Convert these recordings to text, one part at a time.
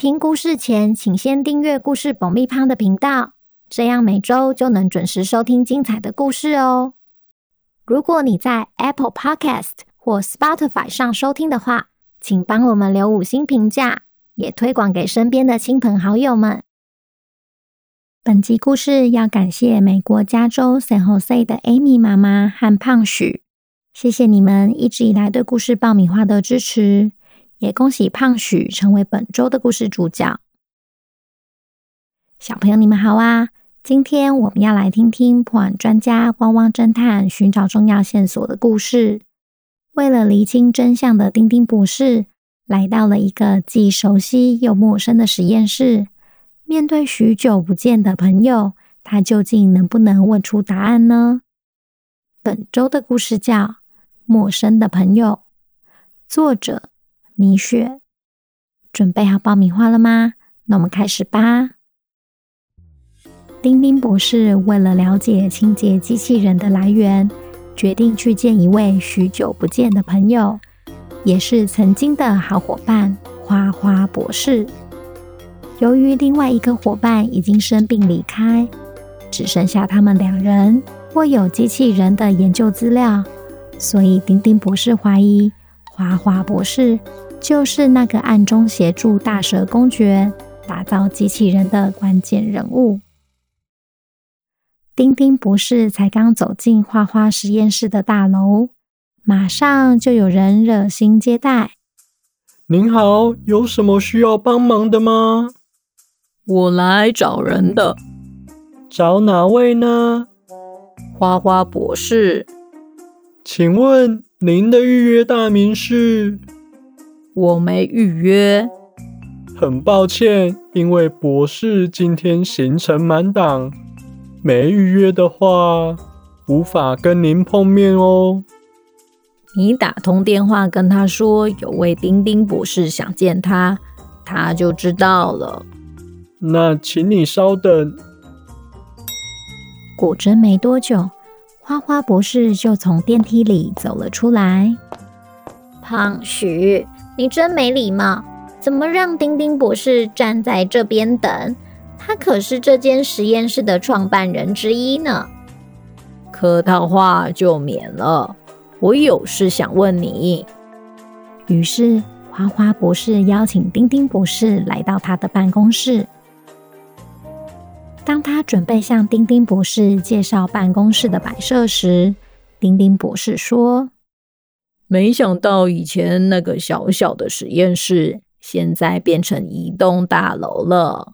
聽故事前，請先訂閱故事爆米花的頻道，這樣每周就能準時收聽精彩的故事哦。如果你在 Apple Podcast 或 Spotify 上收聽的話，請幫我們留五星評價，也推廣給身邊的親朋好友們。本集故事要感謝美國加州 San Jose 的 Amy 媽媽和胖許，謝謝你們一直以來對故事爆米花的支持。也恭喜胖許成為本週的故事主角。小朋友，你們好啊！今天我們要來聽聽破案專家汪汪偵探尋找重要線索的故事。為了釐清真相的丁丁博士，來到了一個既熟悉又陌生的實驗室。面對許久不見的朋友，他究竟能不能問出答案呢？本週的故事叫《陌生的朋友》，作者。米雪，準備好爆米花了嗎？那我們開始吧。丁丁博士為了了解清潔機器人的來源，決定去見一位許久不見的朋友，也是曾經的好夥伴——花花博士。由於另外一個夥伴已經生病離開，只剩下他們兩人握有機器人的研究資料，所以丁丁博士懷疑花花博士，就是那個暗中協助大蛇公爵打造機器人的關鍵人物，丁丁博士才剛走進花花實驗室的大樓，馬上就有人熱心接待。您好，有什麼需要幫忙的嗎？我來找人的。找哪位呢？花花博士。請問您的預約大名是？我沒預約。很抱歉，因為博士今天行程滿檔，沒預約的話無法跟您碰面哦。你打通電話跟他說有位丁丁博士想見他，他就知道了。那請你稍等。果真沒多久，花花博士就從電梯裡走了出來。胖許。你真沒禮貌！怎麼讓丁丁博士站在這邊等？他可是這間實驗室的創辦人之一呢。客套話就免了，我有事想問你。於是花花博士邀請丁丁博士來到他的辦公室。當他準備向丁丁博士介紹辦公室的擺設時，丁丁博士說。沒想到以前那個小小的實驗室，現在變成一棟大樓了。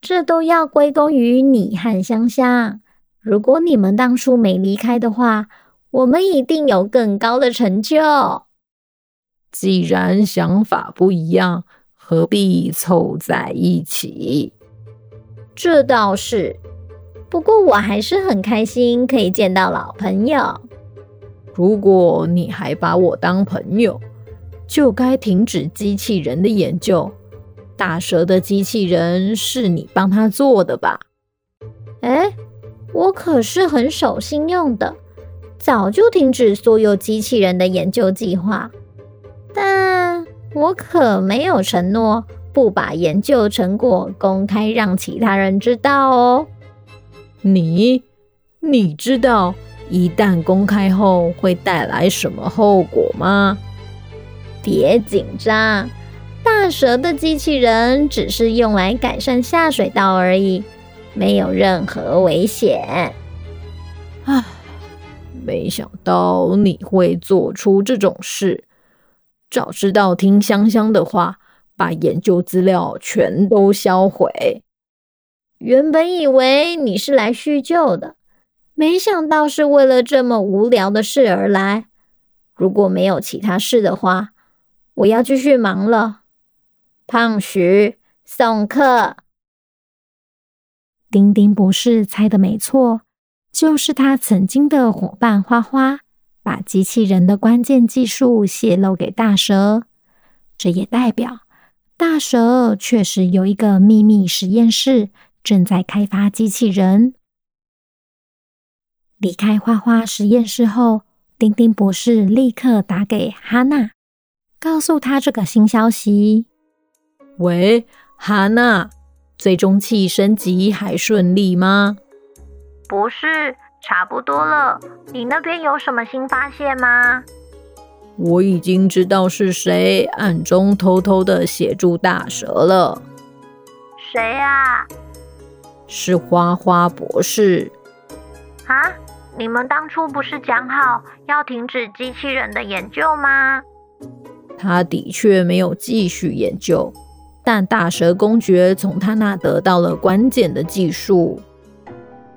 這都要歸功於你和香香。如果你們當初沒離開的話，我們一定有更高的成就。既然想法不一樣，何必湊在一起？這倒是。不過我還是很開心可以見到老朋友。如果你還把我當朋友，就該停止機器人的研究。大蛇的機器人是你幫他做的吧？哎、欸，我可是很守信用的，早就停止所有機器人的研究計劃。但我可沒有承諾不把研究成果公開讓其他人知道哦。你，你知道？一旦公開後會帶來什麼後果嗎？別緊張，大蛇的機器人只是用來改善下水道而已，沒有任何危險。哎。沒想到你會做出這種事！早知道聽香香的話，把研究資料全都銷毀。原本以為你是來敘舊的。沒想到是為了這麼無聊的事而來。如果沒有其他事的話，我要繼續忙了。胖徐，送客。丁丁博士猜的沒錯，就是他曾經的夥伴花花，把機器人的關鍵技術洩露給大蛇。這也代表大蛇確實有一個秘密實驗室，正在開發機器人。離開花花實驗室後，丁丁博士立刻打給哈娜，告訴她這個新消息。喂，哈娜，追蹤器升級還順利嗎？博士，差不多了。你那邊有什麼新發現嗎？我已經知道是誰暗中偷偷的協助大蛇了。誰呀？啊？是花花博士。啊？你們當初不是講好要停止機器人的研究嗎？他的確沒有繼續研究，但大蛇公爵從他那得到了關鍵的技術。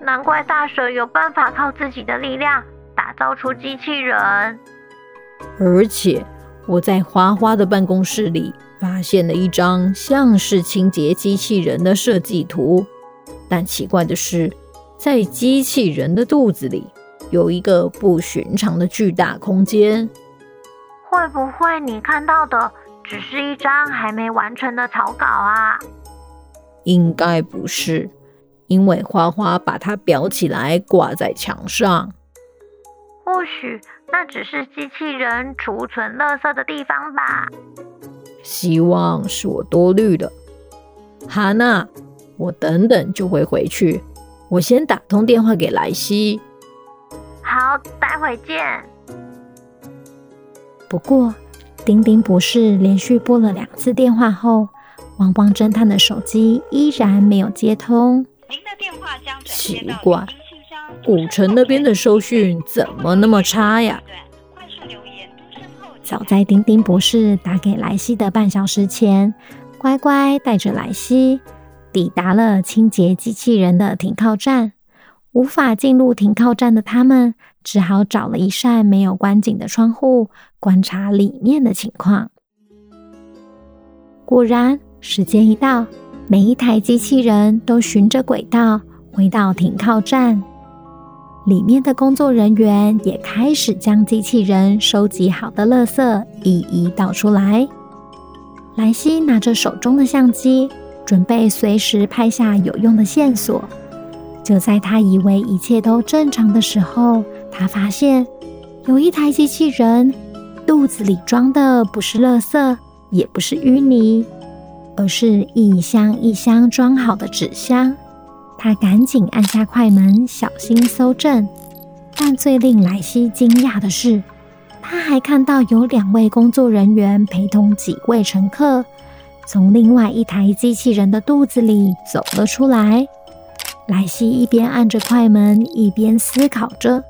難怪大蛇有辦法靠自己的力量打造出機器人。而且我在花花的辦公室裡發現了一張像是清潔機器人的設計圖，但奇怪的是……在機器人的肚子裡有一個不尋常的巨大空間，會不會你看到的只是一張還沒完成的草稿啊？應該不是，因為花花把它裱起來掛在牆上。或許那只是機器人儲存垃圾的地方吧。希望是我多慮了。哈娜，我等等就會回去。我先打通電話給萊西，好，待會見。不過，丁丁博士連續撥了兩次電話後，汪汪偵探的手機依然沒有接通。您的電話將轉接到語音信箱。奇怪，古城那邊的收訊怎麼那麼差呀？對留言早在丁丁博士打給萊西的半小時前，乖乖帶着萊西。抵達了清潔機器人的停靠站，無法進入停靠站的他們，只好找了一扇沒有關緊的窗戶，觀察裡面的情況。果然，時間一到，每一台機器人都循着軌道回到停靠站，裡面的工作人員也開始將機器人收集好的垃圾一一倒出來。萊西拿着手中的相機，準備隨時拍下有用的線索。就在他以為一切都正常的時候，他發現有一台機器人肚子裡裝的不是垃圾，也不是淤泥，而是一箱一箱裝好的紙箱。他趕緊按下快門，小心搜證。但最令萊西驚訝的是，他還看到有兩位工作人員陪同幾位乘客。從另外一台機器人的肚子裡走了出來。萊西一邊按着快門，一邊思考着：“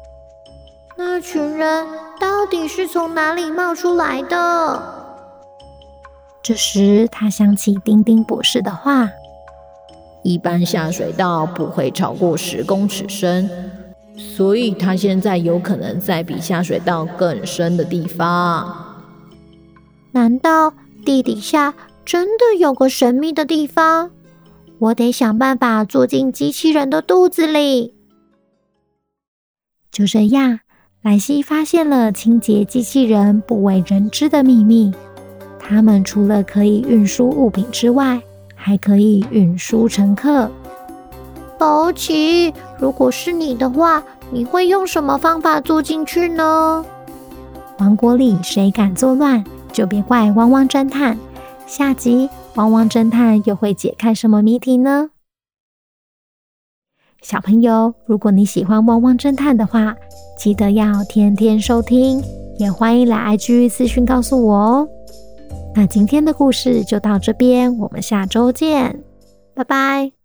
那群人到底是從哪裡冒出來的？”這時，他想起丁丁博士的話：“一般下水道不會超過十公尺深，所以他現在有可能在比下水道更深的地方。難道地底下？”真的有個神秘的地方，我得想辦法坐進機器人的肚子裡。就這樣，萊西發現了清潔機器人不為人知的秘密。他們除了可以運輸物品之外，還可以運輸乘客。寶奇，如果是你的話，你會用什麼方法坐進去呢？王國裡誰敢作亂，就別怪汪汪偵探。下集汪汪偵探又會解開什麼謎題呢？小朋友，如果你喜歡汪汪偵探的話，記得要天天收聽，也歡迎來 IG 私訊告訴我哦。那今天的故事就到這邊，我們下周見，拜拜。